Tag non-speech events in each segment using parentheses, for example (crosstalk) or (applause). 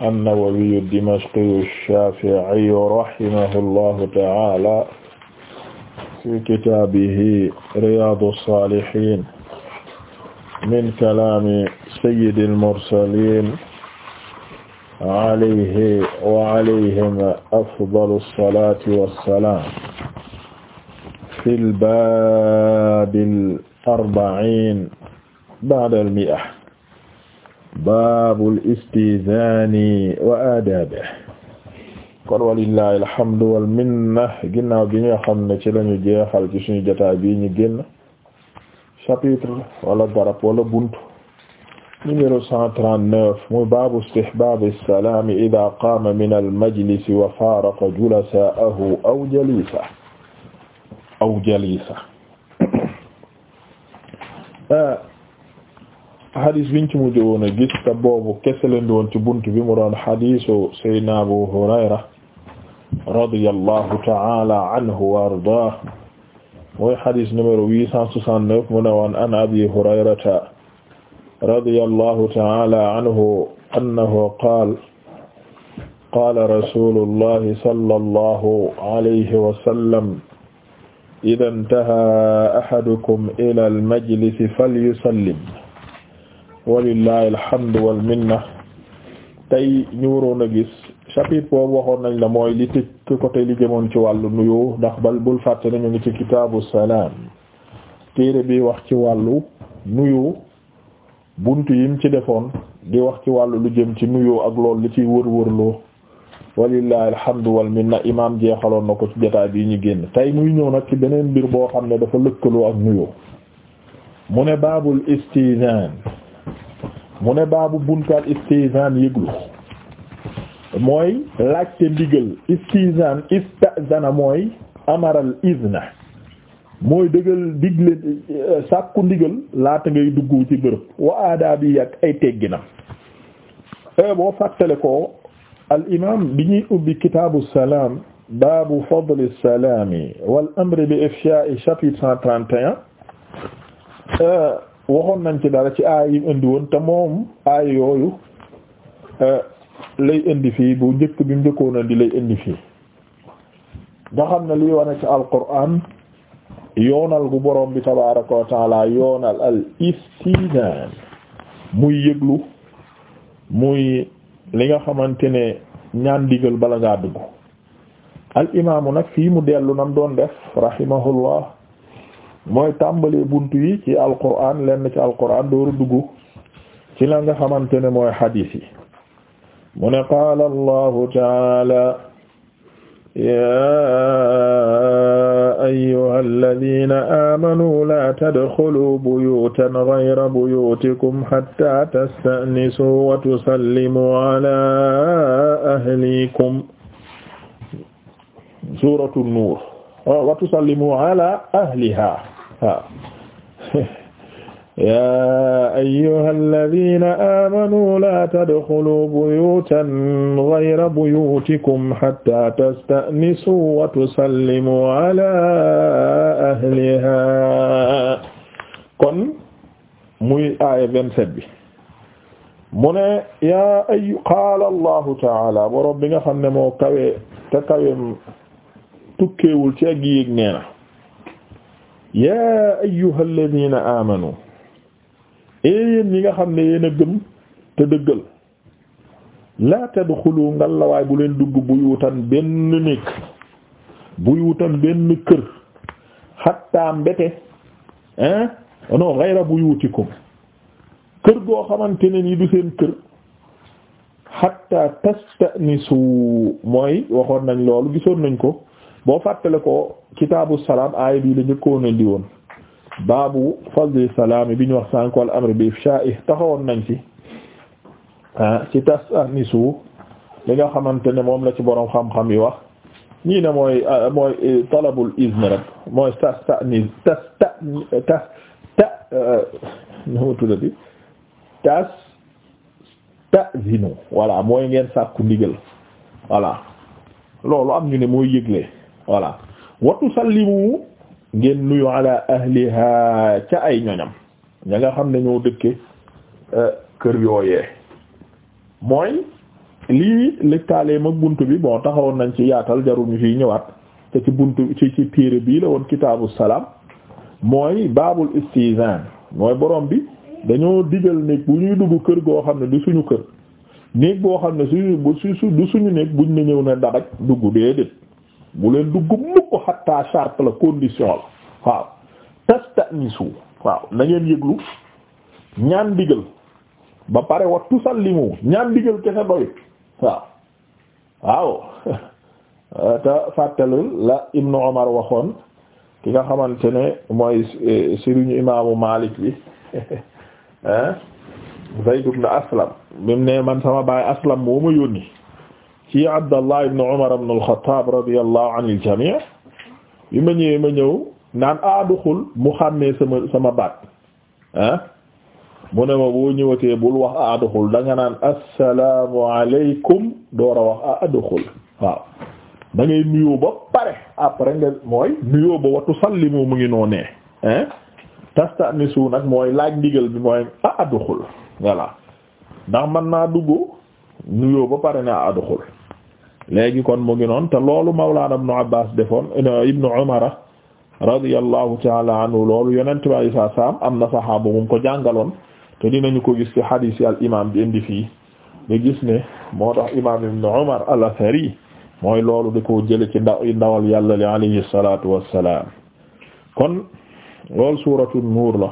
an-Nawawi ad-Dimashqi ash-Shafi'i rahimahullahu ta'ala fi kitaabihi Riyadu as-Salihin min kalaami sayyidi al-mursaliin alayhi wa alayhim afdalu as-salaati was-salaam fil baabil arba'iin ba'da al-mi'a baabul istizaani wa aadaabihi kon walillahi alhamdu wal minna ginnaaw bi nga xam ne ci lañu jeexal ci suñu jotaay bi ñu génn chapitre wala garab wala buntu numéro 139 muy baabu istihbaab as-salaam idaa qaama min al-majlis wa faaraqa julasaahu aw jaliisahu aw jaliisahu xadis biñ ci mujj woon a gis te boobu kese leen di woon ci bunt bi mu doon xadisu Seydina Abu Hurayra radiyallahu ta'ala anhu wa ardaah mooy xadis numéro 869 mu ne woon an Abi Hurayrata radiyallahu ta'ala anhu annahu qaala qaala rasuulullahi sallallahu alayhi wa sallam idaa intahaa ahadukum ilal majlisi falyusallim walillahi alhamdu wal minna tey ñu waroon a gis chapitre boobu waxoon nañ la mooy li tëj côté li jëmoon ci wàllu nuyoo ndax bal bul fàtte nañu ngi ci kitaabu salaam téere bi wax ci wàllu nuyoo bunt yim ci defoon di wax ci wàllu lu jëm ci nuyoo ak lool li ciy wër-wërloo walillahi alhamdu wal minna imaam jeexaloon na ko ci jotaay bii ñu génn tey muy ñëw nag ci beneen mbir boo xam ne dafa lëkkaloo ak nuyoo mu ne baabul istizaan mu ne baabu buntaal istizan yëglu mooy laajte ndigal istizan istazana mooy amaral izna mooy dëggal digle euh, sàkku ndigal laata ngay dugg ci bërëb wa aadaabi ak ay tegginam euh, boo fàttale ko al imam bi ñuy ubbi kitaabu salaam baabu fadli salaami wal amri bi ifshaa'i chapitre cent trente et un euh, waxoon nañ ci dara ci aay yi indi woon te moom aay yooyu euh, lay indi fii bu njëkk bi njëkkoon a di lay indi fii nga xam ne liy wane ci alquran yoonal gu borom bi tabaaraka wa taala yoonal al istinaan muy yëglu muy li nga xamante ne ñaan digal bala ngaa dugg al imaamu nag fii mu dellu nam doon def rahimahullah mooy tàmbalee buntu yi ci alquran lenn alquran dooru ci la nga xamante ne mooy hadith yi mu ne qaala allahu taala yaa amanu la tadxulu buyutan gayra buyutikum hatta tasta'nisu wa tusallimu ala ahlikum suratu nuur wa tusallimu ala ahliha waaw (laughs) yaa ayyuha alladhina amanu la tadkhulu buyutan ghayra buyutikum hatta tasta'nisu wa tusallimu ala ahliha kon muy aaya 27 bi mu ne yaa ay qaala allahu taala boroom bi nga xam ne moo kawe te kawe tukkeewul ci ak yéeg nee na yaa ayyuhal ladina amanu eh, yéen ñi nga xam ne yéen a gëm te dëggal laa tadxulu ngal la waay bu leen dugg buyutan benn néeg buyutan benn kër xatta mbete hein non ghayra buyutikum kër goo xamante ne nii du seen kër xatta tastanisu mooy waxoon nañ loolu gisoon nañ ko boo fàttale ko kitaabu salaam aaya bii lañu njëkkoon indi woon baabu fadli salaam bi ñu wax sànq wal amri bi ifshaa'i taxawoon nañ ci ah ci tas anisu li nga xamante ne moom la ci boroom xam-xam yi wax ñii ne mooy ah, mooy eh, talabul izn rek mooy tas tanis tas ta tas eh, ta nu tuddati tas ta zinu voilà mooy ngeen sàkku ndigal voilà loolu am ñu ne mooy yëgle. voilà wa tusallimu ngeen nuyu ala ahliha ca ay ñoñam ña nga xam ne ñoo dëkke euh, kër yooyee mooy lii lëkkaale mag bunt bi moo taxawoon nañ ci yaatal jarul ñu ciy ñëwaat te ci bunt ci ci téere bii la woon kitaabu salaam mooy baabul istizaan mooy borom bi dañoo digal néeg bu ñuy dugg kër goo xam ne du suñu kër néeg boo xam ne suñu bu su du suñu néeg buñ ne ñëw ne dabaj dugg déedéet bu leen dugg mukk xatta charte la condition la waaw tastanisu waaw na yëglu ñaan digal ba pare wa tusallimu ñaan digal kese doyut waaw waaw (laughs) te fàttalul la Ibnu Umar waxoon ki nga xamante ne mooy eh, sëriñu imaamu Maalik bi (laughs) eh? Zayd ibn Aslam bi mu ne man sama baay Aslam moo ma yónni ci Abdallah ibn Umar ibn al-Khattab radiyallahu anil jami' bi ma ñëwee ma ñëw naan aaduxul ah, mu xàmmee sama sama baat ah mu ne ma boo ñëwatee bul wax aaduxul ah, da nga naan assalaamu alaykum door a wax aaduxul ah, waaw da ngay nuyoo ba pare après nga mooy nuyoo ba watu sallimu mu ngi noonee ah tastanisu nag mooy laaj ndigal bi mooy aaduxul voilà ndax mën naa dugg nuyoo ba pare ne aaduxul léegi kon mu ngi noon te loolu mawlaana ibnu Abbaas defoon ibnu Umar radiyallahu taala anhu loolu yonent bi alayhi salaam am na saxaabu mu ko jàngaloon te dinañu ko gis ci xadiis yi al imaam bi indi fii nga gis ne moo tax ibnu Umar al-Athari mooy loolu di ko jële ci ndaw ndawal yàlla li alayhi salaatu wassalaam kon loolu suuratu nuur la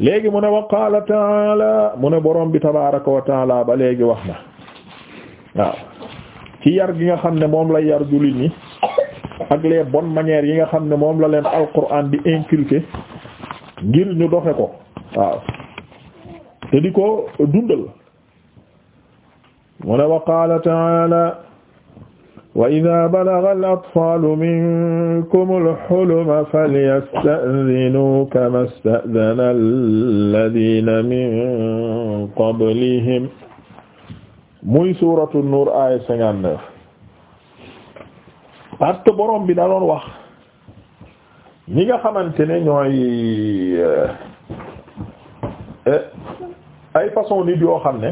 léegi mu ne wa qaala taala mu ne borom bi tabaaraka wa ba léegi wax na ci yar gi nga xam ne moom la yar jullit ñi ak les bonnes manières yi nga xam ne moom la leen alquran di inculquer ngir ñu doxe ko waaw te di ko dundal mu ne wa qaala ta'ala wa idha balagha al-atfalu minkum al-huluma falyasta'dhinu kama ista'dhana alladhina min qablihim muy suuratu nuur aaya cinquante neuf parce que borom bi da wax ñi nga xamante ne ñooy euh, euh, ay façon nit yoo xam ne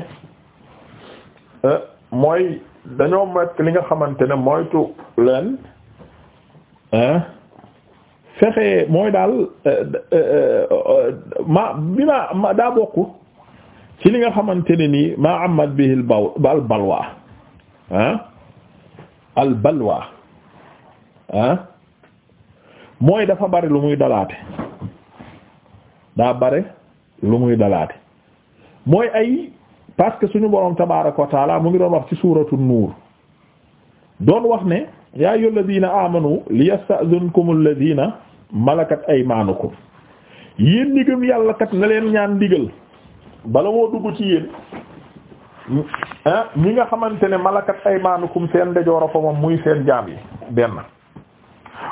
euh, mooy dañoo mekk li nga xamante ne moytu leen fexe mooy daal ma bi ma daa bokk ci li nga xamante ne nii maa amat bihi al baw ah, al balwa al ah, balwa mooy dafa bari lu muy dalaate daa bari lu muy dalaate mooy ay parce suñu boroom tabaaraka wa mu ngi doon wax ci suuratu nuur doon wax ne yaa ayyuha alladina amanu liyasta'zunkum alladina malakat aymaanukum yéen ñi gëm yàlla kat na leen ñaan ndigal bala moo dugg ci yéen ah, ñi nga xamante ne malakat aymaanukum seen ndejoor fa moom muy seen jaam yi benn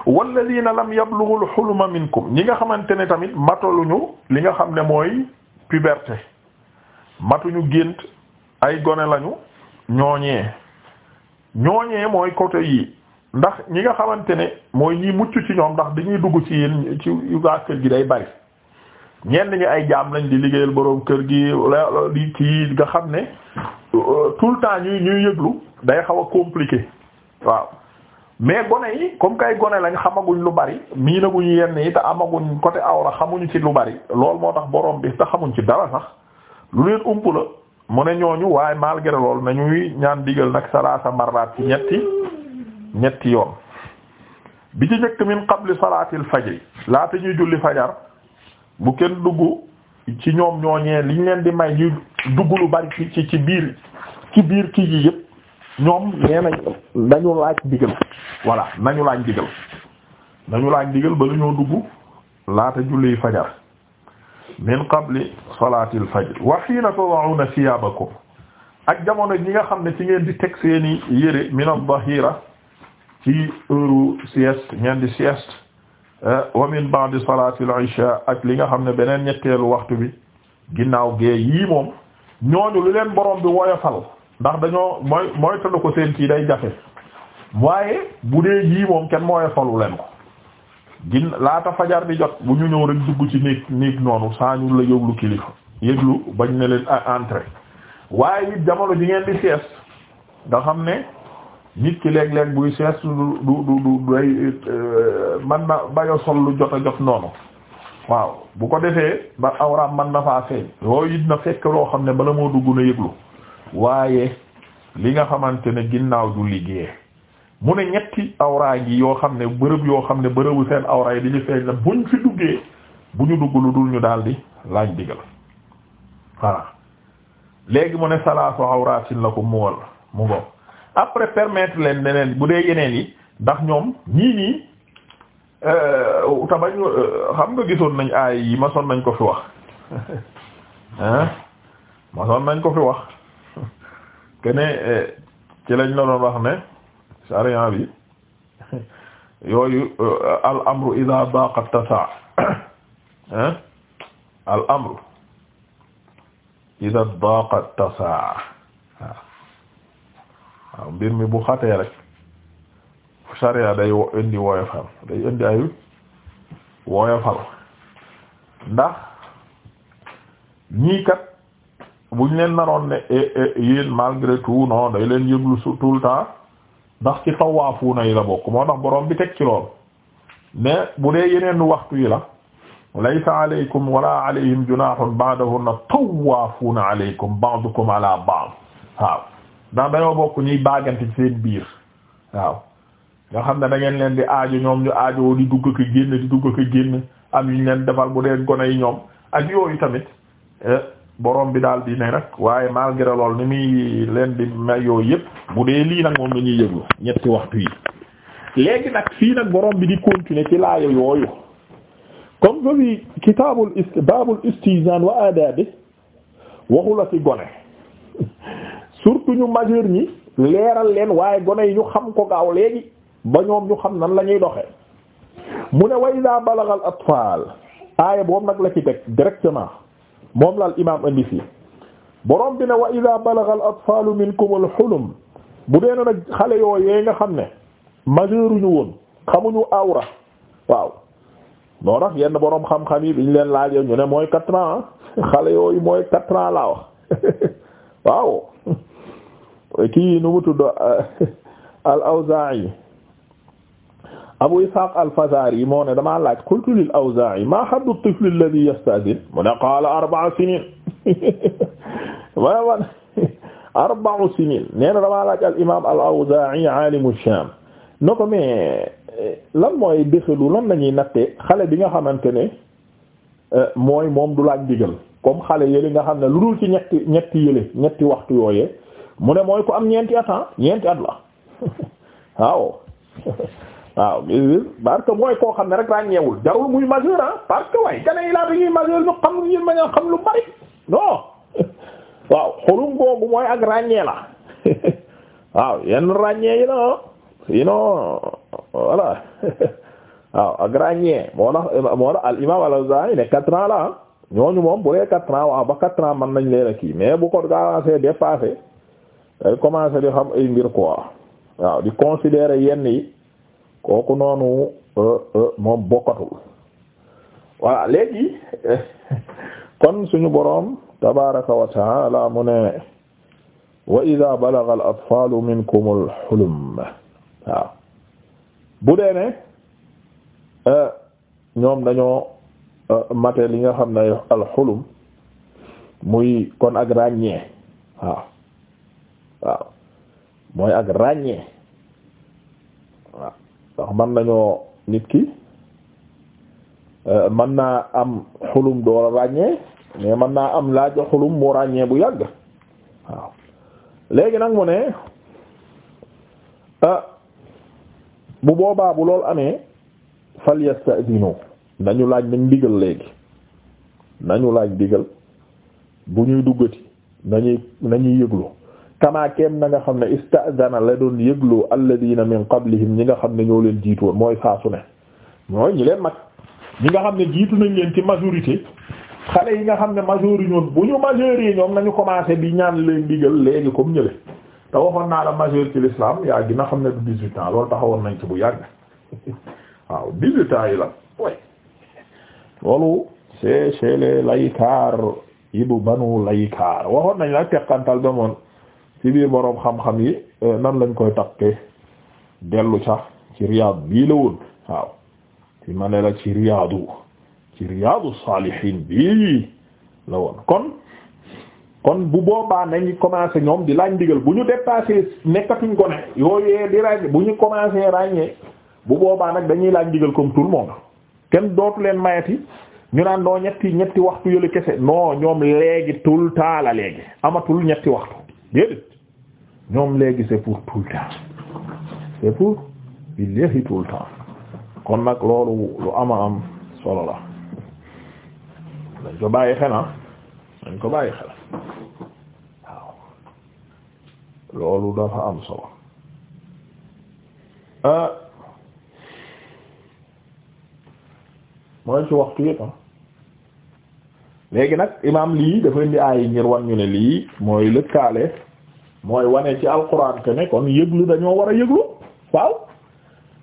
walladina lam yablughul hulma minkum ñi nga xamante ne tamit mataluñu li nga xam ne mooy puberté matuñu gént ay gone lañu ñooñee ñooñee mooy côté yi ndax ñi nga xamante ne mooy ñi mucc ci ñoom ndax dañuy dugg ci yéen ci yu gaa kër gi day bari ñenn ñi ay jaam lañ di liggéeyal boroom kër gi di kii nga xam ne euh, tout le temps ñuy ñuy yëglu day xaw a compliqué waaw mais gone yi comme kay gone lañ xamaguñ lu bari mii naguñu yenn yi te amaguñ côté awra xamuñu ci lu bari lool moo tax boroom bi te xamuñ ci dara sax lu leen ump la mu ne ñooñu waaye malgré lool nañuy ñaan digal nag salaasa marraat ci ñetti ñetti yoon bi ci njëkk min qabli salaatil fajri laata ñuy julli fajar bu kenn dugg ci ñoom ñooñee liñ leen di may ñu dugg lu bari ci ci biir ci biir kii yi yëpp ñoom nee nañ nañu laaj digal voilà nañu laaj digal nañu laaj digal ba la ñoo dugg laata julli fajar min qabli salaatil fajr wa hiina tada'una thiyaabakum ak jamono ji nga xam ne ci ngeen di teg seeni yére min ad-dahira ci heure sieste ngeen di sieste Eh, wa min ba'di salaatil isha ak li nga xam ne beneen ñetteelu waxtu bi ginnaaw gee yii moom ñooñu lu leen borom bi woyofal ndax dañoo mooy mooy tëdd ko seen kii day jafe waaye bu dee yii moom kenn woyofalu leen ko gin laata fajar bi jot bu ñu ñëw rek dugg ci néeg néeg noonu saa ñu la yëglu kilifa yëglu bañ ne leen entrée waaye it jamono ji ngeen di sieste nga xam ne nit ki léeg-léeg buy seet du du du day euh, man na bayo sol lu jot a jot noonu waaw bu ko defee ba awraam man na faa feeñ yooyu it na fekk loo xam ne bala moo dugg na yëglu waaye li nga xamante ne ginnaaw du liggéey mu ne ñetti awraa yi yoo xam ne bërëb yoo xam ne bërëbu seen awra yi di ñu feeñ la buñ fi duggee bu ñu dugg lu dul ñu daldi laaj digal voilà léegi mu ne salaasu awraatin lakum mu wol mu ngoog après permettre leen leneen bu dee yeneen yi ndax ñoom ñii nii euh, tabañ euh, xam nga gisoon nañu aay yi masoon nañ ko fi wax (laughs) hein masoon nañ ko fi wax kene (laughs) euh, ci lañ la doon wax ne sariya bi (laughs) yooyu al amru idha daqa tasa (coughs) hein al amru idha daqa tasa waaw mbir mi bu xate rek sariya day indi woyofal day indi ay woyofal ndax ñii kat buñ leen naroon ne eh, eh, yéen malgré tout non day leen yëglu su tout le temps ndax ci tawaafuuna yi la bokk moo tax borom bi teg ci lool mais bu dee yeneen waxtu yi la laysa alaykum wala alayhim junahun ba'dahunna tawaafuuna alaykum ba'dukum ala ba'd ndax dañoo bokk ñuy baagante seen biir waaw nga xam ne dangeen leen di aajo ñoom ñu aajoo di dugg ko génn di dugg ko génn am yu ñu leen defal bu dee gone yi ñoom ak yooyu tamit eh, boroom bi daal di ne rek waaye malgré lool ni muy leen di may yooyu yëpp bu dee lii nag moom la ñuy yëglu ñetti waxtu yi léegi nag fii nag borom bi di continuer ci laaya yooyu comme que fi kitaabul baabul istizaan wa aadaabi waxu ci gone (laughs) surtout ñu majeur ñi leeral leen waaye gone yi ñu xam ko gaaw léegi ba ñoom ñu xam nan la ñuy doxee mu ne wa iza balagal atfaal aaya boobu nag la ci teg directement moom la al imaam indi fii borom bi ne wa iza balagal atfaalu minkum al hulum bu dee nag xale yooyee nga xam ne majeuruñu woon xamuñu awra waaw noo tax yenn boroom xam-xam yi biñ leen laajee ñu ne mooy quatre ans xale yooyu mooy quatre ans laa wax (laughs) waaw. kii nu mu tudd (laughs) al awzaa'i abu ishaq al fazari moo ne damaa laaj qultu lil awzaa'i ma haddu tifl alladhi yasta'zin mu ne qaala arba'a sinin manaman arba'u sinin (laughs) (laughs) nee na damaa laaj al imam al awzaa'i aalimu shaam no ko mais eh, lan mooy déxalu lan la ñuy nattee xale bi nga xamante ne eh, mooy moom du laaj ndigal comme xale yële nga xam ne lu dul ci ñetti ñetti yële ñetti waxtu yooyee mu ne mooy ku am ñeenti at ah ñeenti at la (laughs) waaw (laughs) waaw parce mooy koo xam ne rek laa ñeewul jarul muy majeur ah parce que waaye gane yi ñuy majeur ñu xam ñu ma xam lu bari non (laughs) waaw xolum googu mooy ak ràññee la waaw yenn ràññee yi la ah. sinon voilà waaw ak ràññee moo tax moo tax al imam al-Awzaa'i ne quatre la ah. ñooñu moom bu dee quatre ans ba quatre ans mën nañ leen kii mais bu ko avancé dépassé commencé di xam ay mbir quoi waaw di considérer yenn yi kooku noonu euh, euh, moom bokkatul voilà léegi (laughs) kon suñu boroom tabaraka wa taala mu ne wa ida balagha al atfalu minkum al hulum waaw bu dee ne euh, ñoom dañoo mate li nga xam ne al hulum muy kon ak ràññee waaw waaw mooy ak ràññee waaw ndax mën nañoo nit ki euh, man naa am xulum door ràññee mais mën naa am laaj xulum mu ràññee bu yàgg waaw léegi nag mu ne euh, bu boobaa bu lool amee fal yasta'dinu nañu laaj nañ digal léegi nañu laaj digal bu ñuy duggati nañuy nañuy yëglu kamaa keem na nga xam ne istazana la doon yëgloo alladina min qablihim ñi nga xam ne ñoo leen jiitu woon mooy saasu ne mooy ñi leen mag ñi nga xam ne jiitu nañ leen ci majorité xale yi nga xam ne majeur ñoom bu ñu majeur yi ñoom nañu commencé bi ñaan leen digal léegi comme ñële te waxoon naa la majeur ci yaa gi xam ne du 18 ans loolu taxawoon nañ ci bu yàgg waaw 18 ans yi la way loolu c'est chez yi bu banu laykaar waxoon nañ la teqantal ba ci biir boroom xam-xam yi eh, nan lañ koy takke dellu ca ci riyaad bii la woon waaw ci ma ne la ci riyaadu ci riyaadu saalihiin bii la woon kon kon bu boobaa nañu commencé ñoom di laaj ndigal bu ñu dépassé nekkatuñ ko ne yooyee di ràññee bu ñu commencé ràññee bu boobaa nag dañuy laaj ndigal comme tout le monde kenn dootu leen mayati ñu naan noo ñetti ñetti waxtu yële kese non ñoom léegi tout le temps la amatul ñetti waxtu déedéet ñoom léegi c'est pour tout le temps c'est pour billahi tout le temps kon nag loolu lu ama am solo la dañ ko bàyyi xel ah dañ ko bàyyi xel waaw loolu dafa am solo euh, mooy ci waxtu yëpp ah léegi nag imaam lii dafa indi aay ngir wan ñu ne lii mooy lëkkaale mooy wane ci alquran que ne kon yëglu dañoo war a yëglu waaw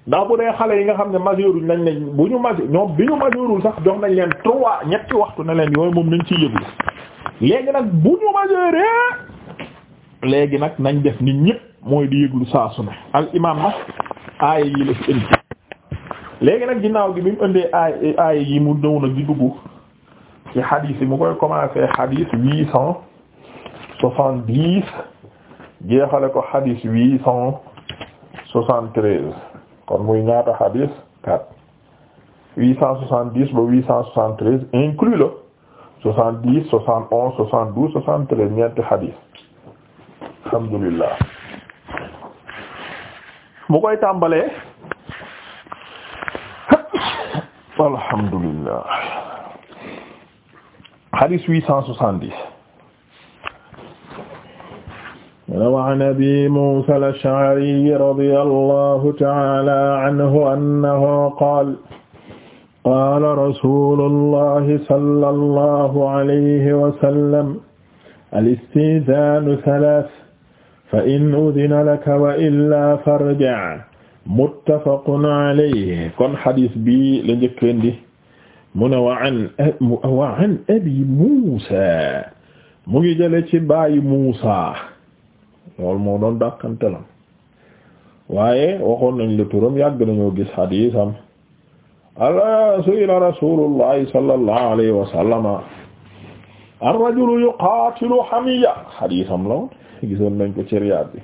ndax bu dee xale yi nga xam ne majeuruñ nañ ne bu ñu majeur ñoom bi ñu majeurul sax jox nañ leen trois ñetti waxtu ne leen yooyu moom nañ ciy yëglu léegi nag bu ñu majeuree léegi nag nañ def nit ñëpp mooy di yëglu saa su ne al imam nag aaya yi la nag ginnaaw gi bi mu indee aay yi mu ñëw nag di dugg ci xadiis yi mu koy commencer xadiis huit cent soixante-dix jeexale ko xadis huit cent soixante treize kon muy ñaata xadis quatre huit cent soixante dix ba huit cent soixante treize inclus la soixante dix soixante onze soixante douze soixante treize ñeenti xadis alhamdulillah mu koy tàmbalee (coughs) alhamdulillah xadis huit cent soixante dix rawa an abi musa al-ash'ari radiyallahu ta'ala anhu annahu qaala qaala rasulullahi sallallahu alayhi wa sallam al-istidhaanu thalath fa in udhina laka wa illaa farji' muttafaqun alayhi kon xadis bi la njëkkeen di mu ne wa an wa an abi musa mu ngi jële ci baayu musa loolu moo doon waaye waxoon nañ la turam yàgg nañoo gis xadiisam ala suyila rasulullahi sallallahu alayhi wa sallama ar rajulu yuqaatilu hamiya xadiisam la woon (laughs) gisoon nañ ko ci Riyaad bi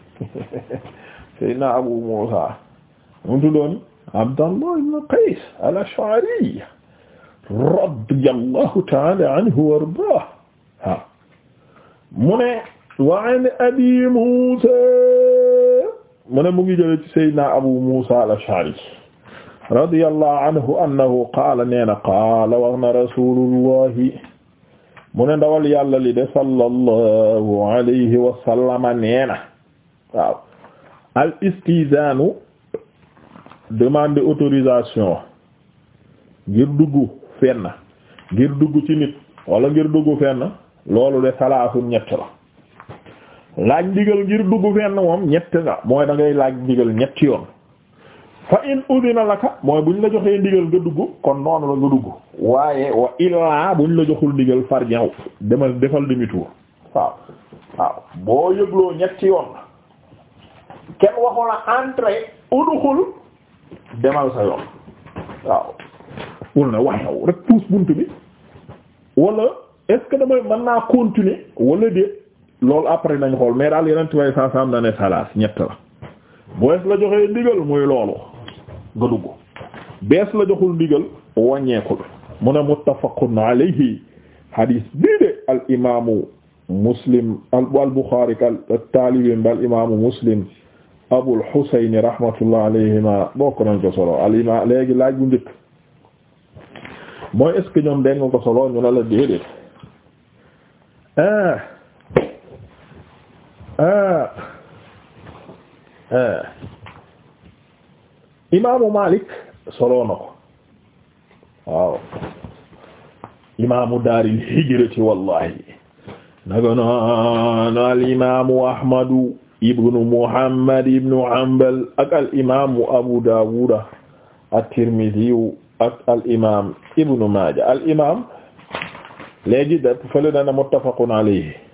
(laughs) Abu Muusa mu tuddoon Abdallah ibn Qays al-Ash'ari radiyallahu ta'ala anhu wa ardaahu mu ne wa an Muusa mu ne mu ngi jële ci Seydina Abu Muusa al-Ash'ari radiyallahu anhu neena qaala wax na mu ne ndawal yàlla li de sallallahu alayhi wa sallama neena al istizaanu demande autorisation ngir dugg fenn ngir dugg ci nit wala ngir dugg fenn loolu de salaasu ñett laaj ndigal ngir dugg fenn moom ñett nga mooy da ngay laaj ndigal ñetti yoon fa in a laka mooy ñu la joxee ndigal nga dugg kon noonu la nga dugg waaye wa illaa buñ la joxul ndigal farjew demal defal demi tour waaw waaw boo yëgloo ñetti yoon kenn waxoon a entrée uduxul demal sa yoon waaw na waaw rek puus bunt bi wala est damay mën naa continuer wala déet loolu après nañ xool mais al yeneen tubaab saa saam na ne ñett la booy la joxee ndigal muy loolu nga dugg bees la joxul ndigal wàññeekul mu ne muttafaqun alayhi hadis bii de al imaamu muslim al al buxaari al taalibiin al imaamu muslim abul xusayni rahmatullah alayhima bokk nañ ko solo al imaam léegi laaj bu njëkk mooy est ce ñoom dégg ko solo ñu ne la déedéet. Ah. Ah. Ah. imaamu Malik soloo na ko waaw imaamu daaril hijrati wallahi naka noonu al imaamu Ahmadu ibnu Muhammad ibnu Hanbal ak al imaamu Abu Daawuda at-Tirmidhi ak al imaam ibnu Maaja al imaam léegi da fële na muttafaqun alayhi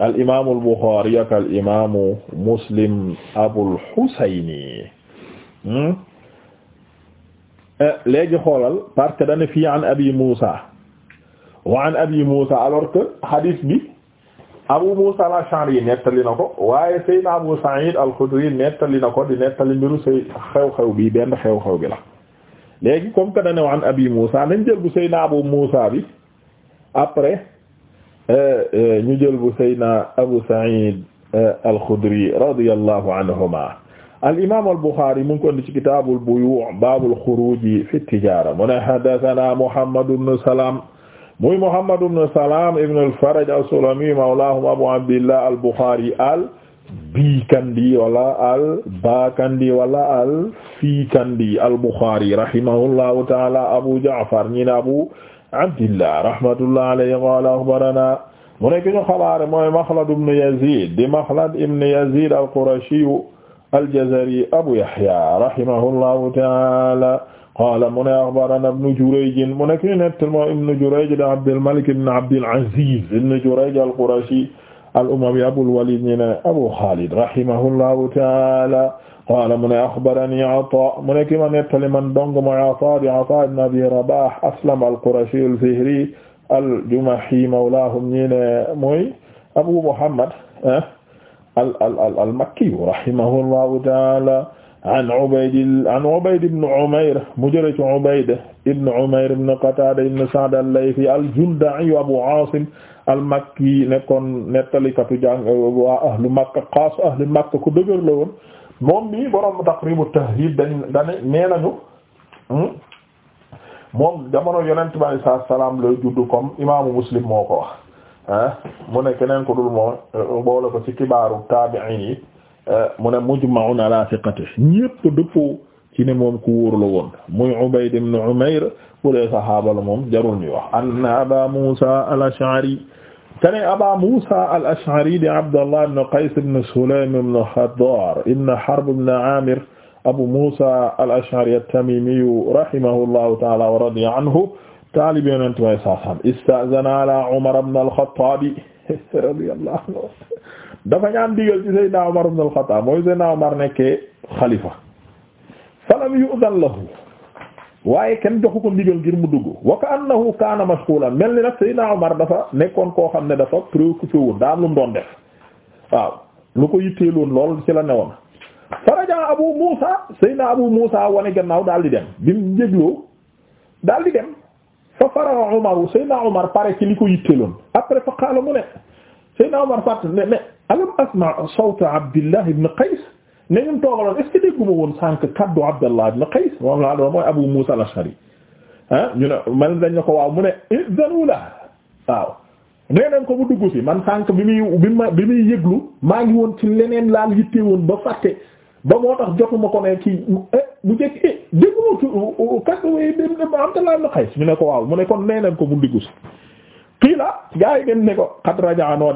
al imaamu al Buxaari ak al imaamu Muslim Abul Husayni hmm? eh, léegi xoolal parce que dana fii an Abi Muusa wa an Abi Muusa alors que hadith bi Abu Muusa al-Ash'ari nettali na ko waaye Seydina Abu Sa'id al-Khudri nettali na ko di nettali mbiru say xew-xew bi benn xew-xew bi la léegi comme que dana wa an Abi Muusa nañ jël bu Seydina Abu Muusa bi après. Eh, eh, ñu jël bu Seydina Abu Sa'id eh, al-Khudri radiyallahu anhuma al imaam al Buxaari mu ngi ko indi ci kitaabul buyuu' baabul xuruuji fi tijaara mu ne haddasanaa Muhammad ibn Salaam muy Muhammad ibn Salaam ibn al-Faraj as-Sulami mawlaahum Abu Abdillah al Buxaari al Bikandi wala al Bakandi wala al Fikandi al Buxaari rahimahullahu ta'aala Abu Ja'far ñi ne Abu abdillah rahmatullah alayhi qala akhbarana mu nekk ñu xabaare mooy Makhlad ibn Yazid di Makhlad ibn Yazid al-Qurashi al-Jazari Abu Yahya rahimahullahu ta'ala qaala mu ne axbarana ibnu Jurayj mu nekk ñu nettal moo ibnu Jurayj da Abdul Malik ibn Abdul Aziz ibnu Jurayj al-Qurashi al-Umawi Abul Walid ñi ne Abu Khalid rahimahullahu ta'ala qaala mu ne axbarani Ataa mu ne ki ma nettali man dong mooy Ataa di Ataa ibn Abi Rabaah Aslam al-Qurashi al-Fihri al-Jumahi mawlaahum ñi ne mooy Abu Muhammad ah, al-Makki rahimahullahu ta'aala an Ubayd an Ubayd ibn Umayr mu jële ci Ubayd ibn Umayr ibn Qataada ibn Sa'd al-Laythi al-Jundai Abu Aasim al-Makki nekkoon nettalikatu jàng waa ahlu Makka xaas ahlu Makka ku dëgër la woon moom mii borom taqribu tahdib dañ dañ nee nañu hmm, moom jamono yonent bi alayhi salaatu salaam lay juddu comme imaamu muslim moo ko wax ah mu ne keneen ko dul moom euh, boole ko ci kibaaru taabi'iin yi euh, mu ne mujma'un ala thiqatihi ñépp dëppoo ci ne moom ku wóor la woon muy Ubayd ibn Umayr bu dee moom jarul mi wax anna Abaa Muusaa al kene Aba Moussa al-Ash'ari di Abdallah ibn Qays ibn Sulaym ibn Hadar ibn Harb ibn Amir Abu Moussa al-Ash'ari at-Tamimi rahimahullahu ta'ala wa radiya anhu taalibi Yonent bi sallallahu alayhi wa sallam ista'zana ala Umar ibn al-Khattab (laughs) radiyallahu anhu dafa ñaan digal ci Seydina Umar ibn al-Khattab mooy Seydina Umar nekkee xalifa falam yu'zan lahu waaye kenn joxu ko ndigal ngir mu dugg wa ka annahu kaana mashghulan mel ni nag Seydina Omar dafa nekkoon koo xam ne dafa préoccupé woon daa am lu mu doon def waaw lu ko yitteeloon lool ci la newoon. faraja Abu Muusa Seydina Abu Muusa wane gannaaw daal di dem bi mu jégloo daal di dem fa faraga Omar Seydina Omar pare ci li ko yitteeloon après fa qaala mu ne Seydina Omar fàttali ne mais alam asma sawta Abdullah ibn Qays ne ñun toogaloon est-ce dégguma woon sànq kaddu Abdallah ibn Qays moom laa doon mooy Abu Musa al-Ash'ari ah ñu ne man dañ ne ko waaw mu ne izanu la waaw nee ko mu duggu si man sànq bi muy bi ma bi muy yëglu maa ngi woon ci leneen laal yitte woon ba fàtte ba moo tax jotuma ko ne kii bu njëkk eh, eh déggoo ci ñu ne ko waaw mu ne kon nee nañ ko mu dugg si. kii la gaa yi ngeen ne ko xat rajaanoo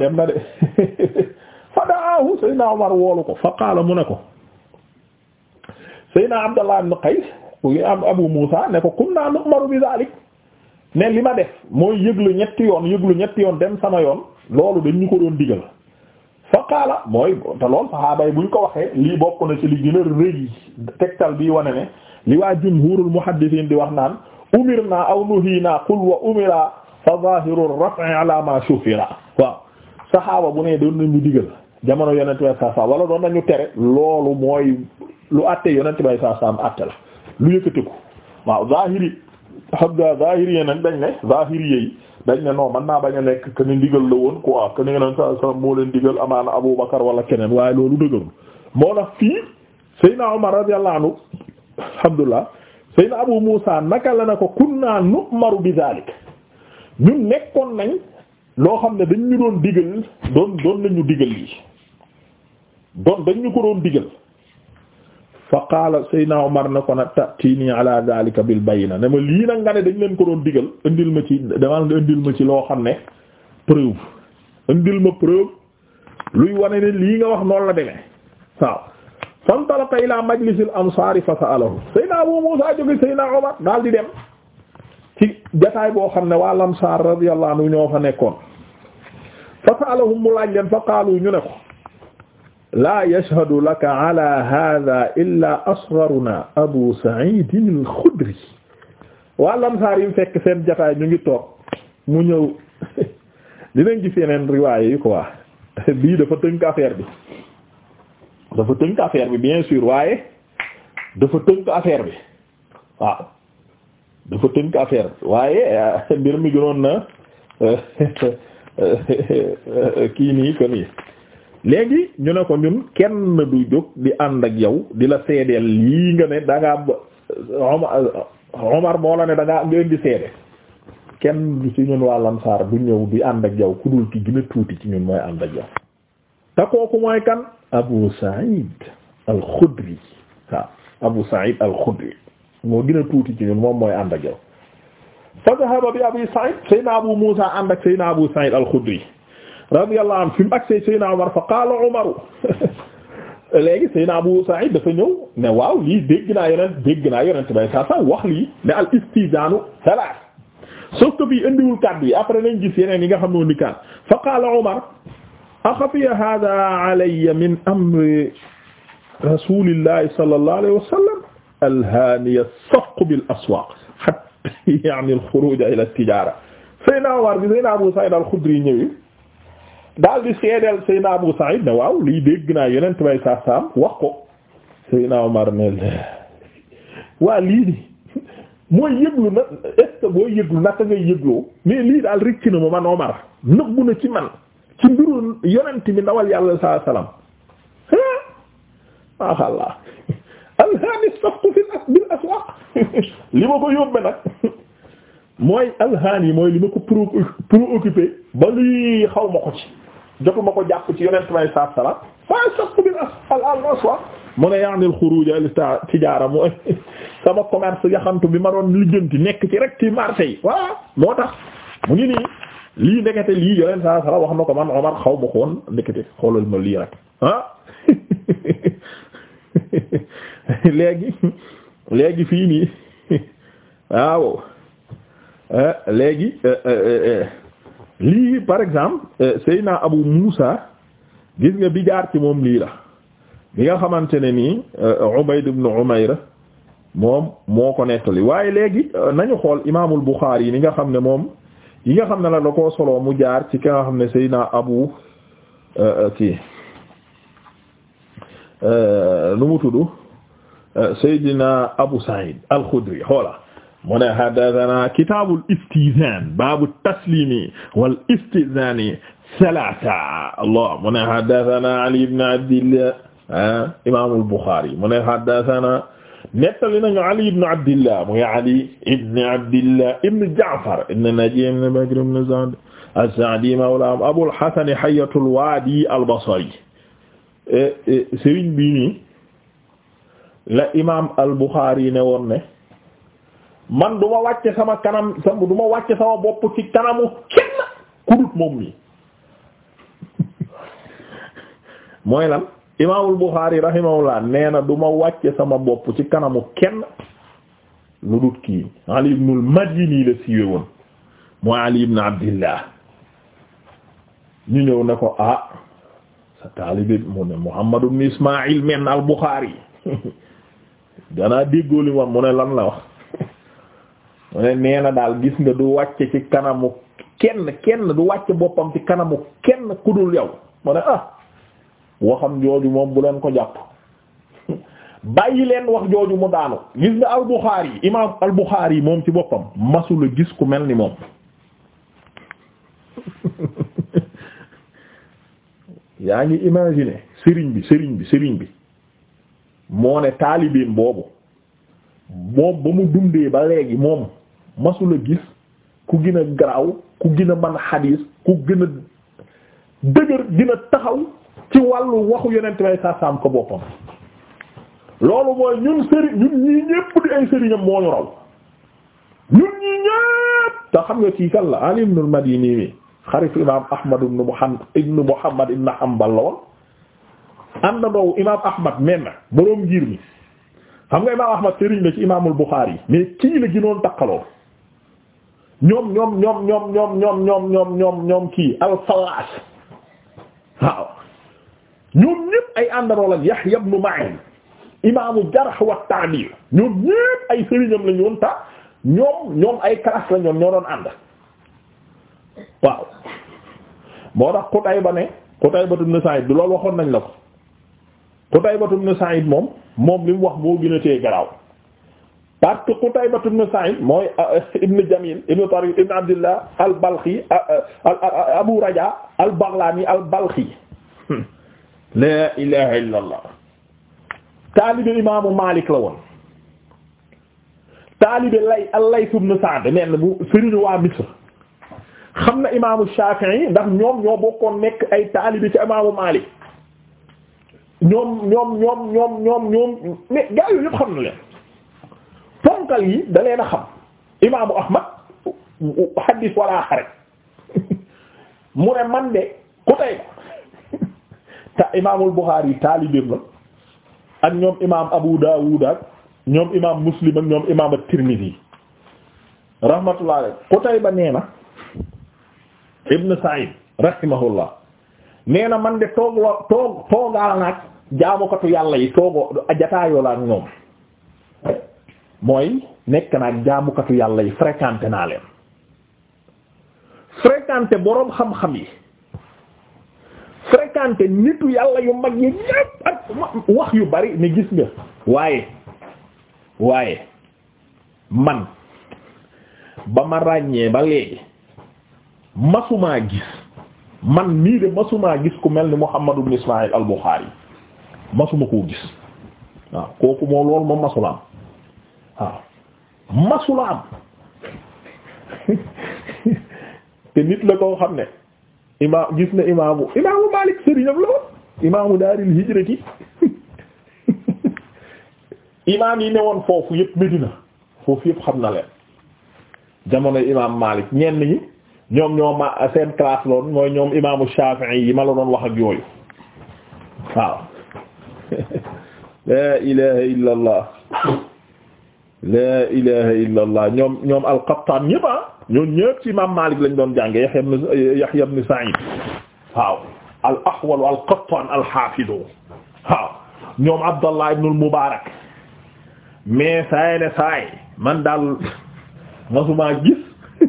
(laughs) fadaahu Seydina Omar woolu ko fa qaala mu ne ko Seydina Abdallah ibn am Abu Muusa ne ko kunna nu'maru bi zaalik ne li ma def mooy yëglu ñetti yoon yëglu ñetti yoon dem sama yoon loolu dañ ñu ko doon digal fa qaala mooy te lool saxaaba yi buñ ko waxee li bokk na ci li gën rëy tegtal bii wane ne li waa jumhuurul muhaddisiin di wax naan umirna aw nuhiina qul wa umira fa zahiru raf'i ala ma shufira waaw saxaaba bu ne doon nañu digal jamono yonent bay saa saam wala doon nañu tere loolu mooy lu àtte yonent bay saa saam àtte la lu yëkkatiku waaw zahiri habda zahiri yi nag dañ ne zahiri yi dañ ne non man naa bañ a nekk que ni ndigal la woon quoi que ni yonent saa saam moo leen digal amaana Abu Bakar wala keneen waaye loolu dëgërul moo tax fii Seydina Omar radiyallahu anhu alhamdulillah Seydina Abu Musa naka la na ko kunna nu'maru bi zalik ñun nekkoon nañ loo xam ne dañ ñu doon digal doon doon nañu digal lii doon dañ ñu ko doon digal fa qaala sayna Umar na ko nag tatini ala zalika bil bayina ne ma lii nag dañ leen ko doon digal indil ma ci demal nga ma ci loo xam ne preuve indil ma lii nga wax noonu la demee waaw fantalaqa ila majlisil ansaari fa sa'alahu sayna daal di dem ci jataay boo xam ne waa lamsaar radiyallahu anhu ñoo fa nekkoon fa saalahum mu laaj fa qaalu ñu ne ko laa yashhadu laka ala hadha illa abu sa'id al waa lansaar fekk seen jataay ñu ngi toog mu ñëw (laughs) dinañ gis yeneen riwaaye yi quoi (laughs) bii dafa tënk affaire bi dafa tënk affaire bi bien sûr waaye dafa tënk affaire bi dafa tënk affaire bi waaye (laughs) mbir mi gënoon na Euh, (laughs) euh, kii nii que nii léegi ñu ne ko ñun kenn du jóg di ànd ak yow di la seedeel lii nga ne da ngaa euh, Omar moo la ne da ngaa ngeen di kenn du ci ñun waa Ansaar du ñëw di ànd ak yow ku dul ki gën tuuti ci ñun mooy ànd ak yow te kooku mooy kan Abu Sa'id al-Khudri waaw Abu Sa'id al-Khudri moo gën tuuti ci ñun moom mooy ànd ak yow fa dhahaba bi abi Sa'id Seydina Abu Muusa ànd ak Seydina Abu Sa'id al-Khudri radiyallahu anhu fi mu agsee Seydina Umar fa qaala Umar (laughs) léegi Seydina Abu Sa'id dafa ñëw ne waaw lii dégg naa yonent dégg naa yonent bay saa saa wax lii ne al istizaanu salaas sauf que bii indiwul kàddu yi après nañ gis yeneen yi nga xam ne woon dikkaan fa qaala Umar axafiya haaza alayya min amri rasuulillahi sallallahu alayhi wa sallam alhaaniya saqu bil aswaaq (laughs) yaani al xuruj ila tijaara Seyna Umar bi Seyna Abu Saïd al-Khudri ñëwee daal di seedeel Seyna Abu Saïd ne waaw lii dégg naa yeneen tubay saa saam wax ko Seyna Umar ne waa lii nii mooy yëglu na est-ce boo yëglu naka ngay yëgloo mais lii daal rëcc na ma man Umar nëbbu na ci man ci mbiru yonent bi ndawal yàlla saa salaam ah maasha (laughs) alhaani saqu fi bil aswaq (laughs) li ma ko yóbbe nag mooy alhaan yi mooy li ma ko pro préoccupé ba luy xaw ma ko ci jotuma ko jàpp ci yonent may saat salam waaye sax ko bi al alnoswa mu ne yaanil xuruj al tijaara mooy (laughs) sama commerce yaxantu bi ma nekk ci rek ci marché yi waaw moo tax mu ngi nii lii ndekete lii yonent saa sala wax na ko man Omar xaw ma ko woon xoolal ma lii rek ah (laughs) léegi léegi fii nii (laughs) waaw eh, léegi eh, eh, lii par exemple Seyna Abu Musa gis nga bi jaar ci moom lii la bi nga xamante ne nii Ubayd ibn Umayr moom moo ko nettali waaye léegi nañu xool imaamul Buxaari yi ni nga xam ne moom yi nga xam ne la da koo soloo mu jaar ci ki nga xam ne Seyna Abu kii nu mu tudd Euh, Seydina Abu Saïd al-Khudri xoola mu ne haddathana kitaabul istizaan baabu tasliimi wal istizaani salaasa Allah mu ne haddathana Ali ibn Abdillah ah imaamul Bukhari mu ne haddathana nettali nañu Ali ibn Abdillah muy Ali ibn Abdillah ibn Ja'far ibn Najih ibn Bakr ibn Sa'd as-Sa'di mawlaahum Abul Hasan Hayyatul Waadi al-Basri eh, eh, sëriñ bi nii la imaam al Buxaari ne woon ne man du wàcce sama kanam sama du ma wàcce sama bopp ci kanamu kenn ku moom mi (laughs) mooy lan imaamul Buxaari rahimahullah nee na duma ma wàcce sama bopp ci kanamu kenn lu dut kii Ali ibnul Madini la siiwe woon mooy Ali ibn Abdillah ñu ñëw ne ko ah sa taalibe mu ne Muhammad ibn Ismaayil men al Buxaari (laughs) danaa déggoo li mu ne lan la wax (laughs) mu ne nee na daal gis nga du wàcc ci kanamu kenn kenn du wàcc boppam ci kanamu kenn ku dul yow mu ne ah waxam jooju moom bu leen ko jàpp (laughs) bàyyi leen wax jooju mu daanu gis nga al-Bukhari imaam al-Bukhari moom ci boppam masula gis ku mel ni moom (laughs) yaa ngi imaginer sëriñ bi sëriñ bi sëriñ bi moo ne taalibeem boobu moom ba mu dundee ba léegi moom masula gis ku gën a garaaw ku gën a mën xadiis ku gën a dëgër gën taxaw ci wàllu waxu yonent bay saasaam ko boppam loolu mooy ñun sëriñ ñun ñii ñépp di ay sëriñam moo ñu raw ñun ñii ñépp te xam nga kii la Ali al-Madini mi xaritu imaam Ahmad ibn Muhammad ibn Muhammad ibn Hanbal la am na doowu imaam Ahmad mel na boroom ngir mi xam nga imaam Ahmad sëriñ la ci imaamul Buxaari yi mais kii la ginoon takkaloon ñoom ñoom ñoom ñoom ñoom ñoom ñoom ñoom ñoom ñoom kii al-Fallaas waaw ñoom ñépp ay àndaroo lañ Yahya ibn Ma'in imaamu jarh wa ta'dil ñoom ñépp ay sëriñam la ñoon ñoom ñoom ay classe la ñoo doon ànd waaw moo tax Qutayba ne Qutayba ibn Sa'id loolu waxoon nañ la ko Qutaybatu ibn Sa'id moom moom li wax moo gën a tee garaaw parce que Qutaybatu mooy euh, ibn Jamil ibn Tariq ibn euh, euh, Abu Raja al-Baghlani hmm. la ilaha illa Allah taalibe Malik la woon taalibe lay al-Layth na bu sëriñu waa Misr xam na imaamu Shafi'i ndax ñoom ñoo bokkoon nekk ay taalibe ci Malik ñoom ñoom ñoom ñoom ñoom ñoom gaa yu yëpp xam na leen ponkal yi da leen a xam imaamu ahmad hadis wala xare (laughs) mu ne man de ku tey (laughs) ta imaamul buxaari taalibeem la ak ñoom imaam abu daawud ak ñoom imaam muslim ak ñoom imaam at-tirmidhi rahmatullah alayhi Qutayba nee na ibn Sa'id rahimahullah nee man de toog la toog toogaal naag jaamukatu yàlla yi toogoo jataayoo la ak ñoom mooy nekk na ak jaamukatu yàlla yi fréquenté naa leen fréquenté boroom xam-xam yi fréquenté nitu yàlla yu mag yi ñépp ak wax yu bari ni gis nga waaye waaye man ba ma ràññee ba léegi masumaa gis man nii de masumaa gis ku mel ni Muhammad ibn Ismaïl al-Bukhari masuma koo gis waaw kooku moom loolu moom masula am waaw masula am (laughs) te nit la koo xam ne imaam gis na imaamu imaamu Maalik sëriñam la imaamu daaril hijrati (laughs) imaam yi ne woon foofu yëpp Medina foofu yëpp xam na leen jamono imaam Maalik ñenn ñi ñoom ñoom seen classe loon mooy ñoom imaamu Shaafi'i yi ma la doon wax ak yooyu waaw la ilaha illa allah la ilaha illa ñoom ñoom al ah, ñoom ñëpp ci Imaam Maalik lañ doon jànge Yahya ibn Yahya ibn Sa'id waaw al-Ahwal al-Qattaan al-Haafiz waaw ñoom Abdallah ibn al-Mubaarak mais saay ne saay man daal masumaa gis (laughs)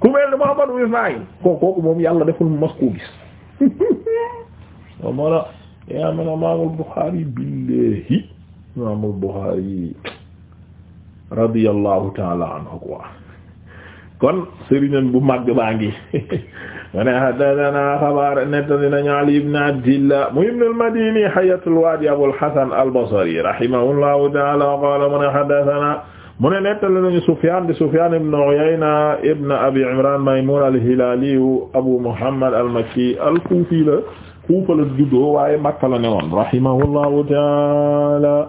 ku mel ni Muhammad ibn Ismaayil kooku moom yàlla deful mas (laughs) yaa man imaamul Buxaari billahi imaamul Buxaari radiyallahu ta'ala anhu quoi kon sëriñam bu màgg baa ngi ma ne haddathana xabaar nettali nañu Ali ibn Abdillah mu ibn al-Madini hayatul waadi Abul Hasan al-Basri rahimahullahu ta'ala qala mu ne haddathana mu ne nettali nañu Sufyan di Sufyan ibn Uyayna ibn Abi Imran Maymun al-Hilali Abu Muhammad al-Makki al-Kufi la Kuufa la juddoo waaye Makka la ne woon rahimahullahu taala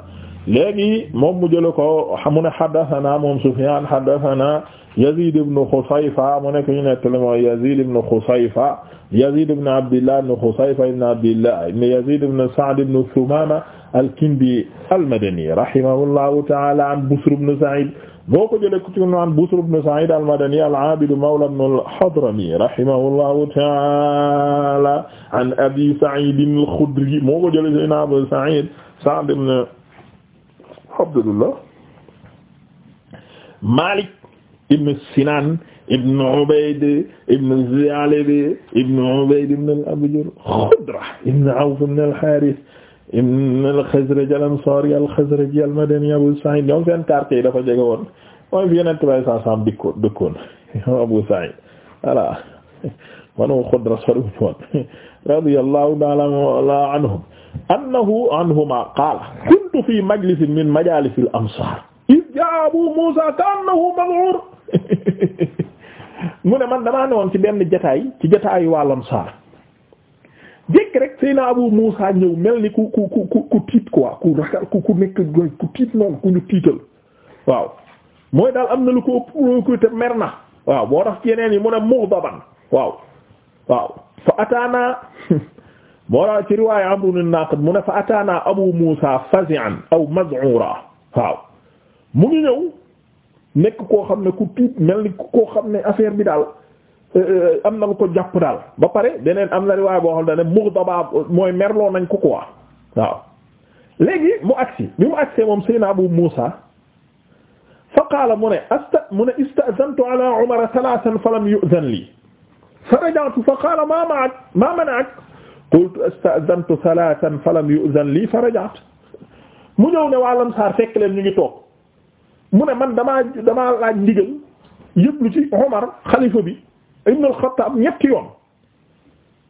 léegi moom mu jële ko mu ne haddathana moom Sufyaan haddathana Yazid ibn Khusayfa mu nekk ñu nettali mooy Yazid ibn Khusayfa Yazid ibn Abdillah ibn Khusayfa ibn Abdillah ibn Yazid ibn Sa'd ibn Thumama al-Kindi al-Madani rahimahullahu taala an Busr ibn Sa'id moo ko jëlee ku ci naan Busr ibn Sa'id al-Madani al-Abid mawla ibn al-Hadrami rahimahullahu ta'ala an Abi Sa'id al-Khudri moo ko jëlee ci Abu Sa'id Sa'd ibn Abdullah Malik ibn Sinan ibn Ubayd ibn Zalib ibn Ubayd ibn al-Abjar Khudra ibn Awf ibn al-Harith ibn al-Khazraj al-Ansari al-Khazraji al-Madani Abu Sa'id ñoom seen quartier yi dafa jege woon mooy fi Yonent bi saa saam dikkoon dëkkoon (laughs) Abu Sa'id voilà (laughs) Banu Xudra soriwul woon (laughs) radiyallahu ta'ala anhum annahu anhuma qaala kuntu fi majlisin min majaalisi al-amsaar idh jaa'a Abu Muusaa ka'annahu mad'uur mu ne man damaa ne woon ci benn jotaay ci jotaayu waa Ansaar jékki rek Seyna Abu Muusa ñëw mel ni ku ku ku ku tiit quoi ku ragal ku ku nekk ku tiit noonu ku ñu tiital waaw mooy daal am na lu ko ëpp te mer na waaw yi mu ne mughdaban waaw waaw fa ataana (laughs) moo tax ci riwaaya Amru an-Naaqid mu ne fa ataana Abu Muusa fazi'an aw maz'ura waaw mu ngi ñëw nekk koo xam ne ku tiit mel ni koo xam ne affaire bi daal Euh, am na lu ko jàpp daal ba pare deneen am na riwaay boo xam ne mughdaba mooy merloo nañ ko quoi waaw léegi mu agsi bi mu agsee moom sayna Abu Muusa fa qaala mu ne asta mu ne ista'zantu ala Umar fa lam yu'zan li fa raja'tu fa qaala ma ma'ak ma mana'ak qultu ista'zantu thalathan fa lam yu'zan li fa raja'tu mu ñëw ne waa Ansaar fekk leen ñu ngi toog mu ne man damaa dama laaj ndigal yëpp lu ci Umar xalifa bi ibn al-Khattab ñetti yoon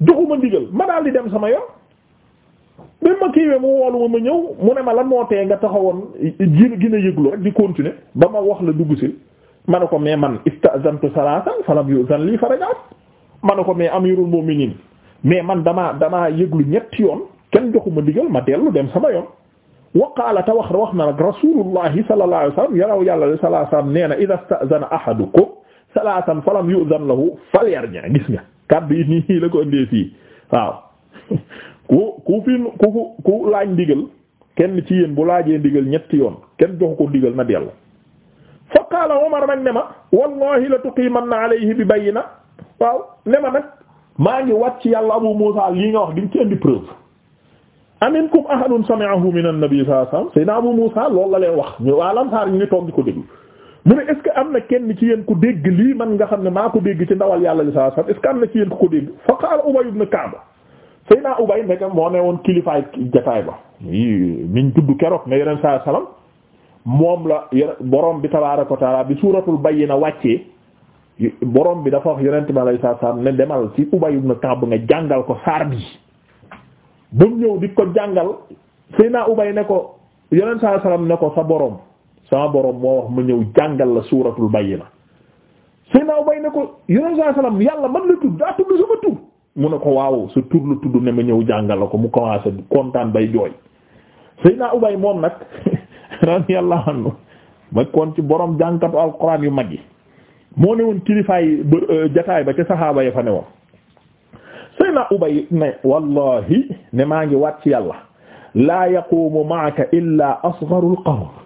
joxuma ndigal ma daal di dem sama yoon bi ma kiiwee mu woolu ma ma ñëw mu ne ma lan moo nga taxawoon ji gën a yëglu rek di continuer ba ma wax la dugg si ma ne ko mais man istazantu salatan falam yuzan lii farajaat ma ne ko mais amirul mu'minin mais man damaa damaa yëglu ñetti yoon kenn joxuma ndigal ma dellu dem sama yoon waqaala te wax wax na nag rasulullahi sallallahu alayhi wasallam yaraw yàlla sallallahu alayhi nee na idha istazana ahadukum salaasan falam yu'zan lahu falyarji gis nga kaddu yi nii la ko indee fii waaw (laughs) ku ku fi ku ku laaj ndigal kenn ci yéen bu laajee ndigal ñetti yoon kenn joxu ko ndigal na dellu fa qaala Umar nag ne ma wallahi la tuqiimanna alayhi bi na waaw ne nag maa ngi wat ci yàlla Abu Muusa lii nga wax di nga ci indi preuve aminkum ahadun sami'ahu min an-nabi sallallahu alayhi wasallam Abu Muusa loolu la leen wax ñu waa lamsaar ñu ngi toog di ko déglu mu ne est am na kenn ci yéen ku dégg lii man nga xam ne maa ko dégg ci ndawal yàlla li saa sax est-ce que am na ci yéen ku ko dégg fa qaala Ubay ibn Ka'b Seydina Ubay nekk moo ne woon kilifaay jataay ba yii niñ tudd keroog ne yeneen saa salaam moom la borom bi tabaaraka wa taala bi suuratul bayyina wàccee borom bi dafa wax yonent bi alayhi salaam ne demal ci Ubay ibn Ka'b nga jàngal ko saar bi ba mu ñëw di ko jàngal Seydina Ubay ne ko yeneen saa salaam ne ko sa boroom sama borom moo wax ma ñëw jàngal la suuratul bayyina Seydina Ubay ne ko yonent saa salaam yàlla man la tudd daa tudd sama tur mu ne ko waaw sa tur la tudd ne ma ñëw jàngal la ko mu commencé kontaan bay jooy Seydina Ubay moom nag (laughs) radiyallahu anhu kon ci borom jànkatu alquran yu mag yi moo ne woon kilifaay euh, jataay ba ca saxaaba ya fa ne woon Seydina Ubay ne wallahi ne maa ngi waat ci yàlla laa yaqumu ma'aka illa asgharul qawm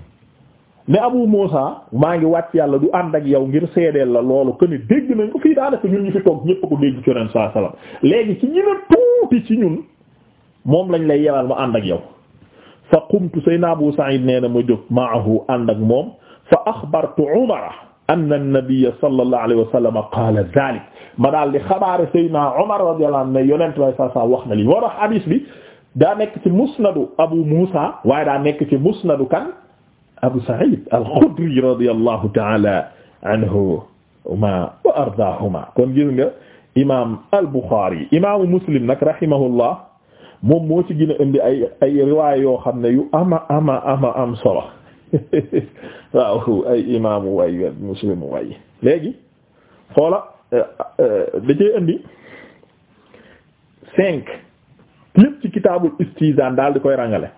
ne Abu Muusa maa ngi wàcc yàlla du ànd ak yow ngir seedeel la loolu que ni dégg nañ ko fii daanaka ñun ñu fi toog ñépp ko dégg ci Yonent saa salaam léegi ci ñu tuuti ci ñun moom lañ lay yebal ma ànd ak yow fa qumtu sayna Abu Sa'id nee na ma jóg maahu ànd ak moom fa axbartu Umara anna an-nabiyya sallallahu alayhi wa sallam qaala dhalik ma daal di xabaare sayna Umar radiyallahu anhu ne Yonent bi saa saa wax na li moo tax hadiis bi daa nekk ci musnadu Abu Muusa waaye daa nekk ci musnadu kan. Abu Sa'id al-Khudri radiyallahu ta'ala anhuma wa ardaahuma kon gis nga imaam al Muslim nag rahimahullah moom moo ci gën ay ay yoo xam ne yu ama ama ama am solo (laughs) waaw ay imaamu way Muslim way léegi xoola da cee indi cinq lépp ci daal di koy ràngale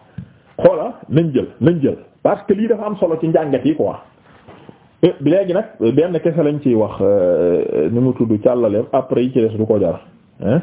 xoola nañ jël parce que lii dafa am solo ci njàngat yi quoi bi eh, léegi nag benn kese lañ ciy wax euh, nu mu tudd càllaleem après yi ci des du ko jar hein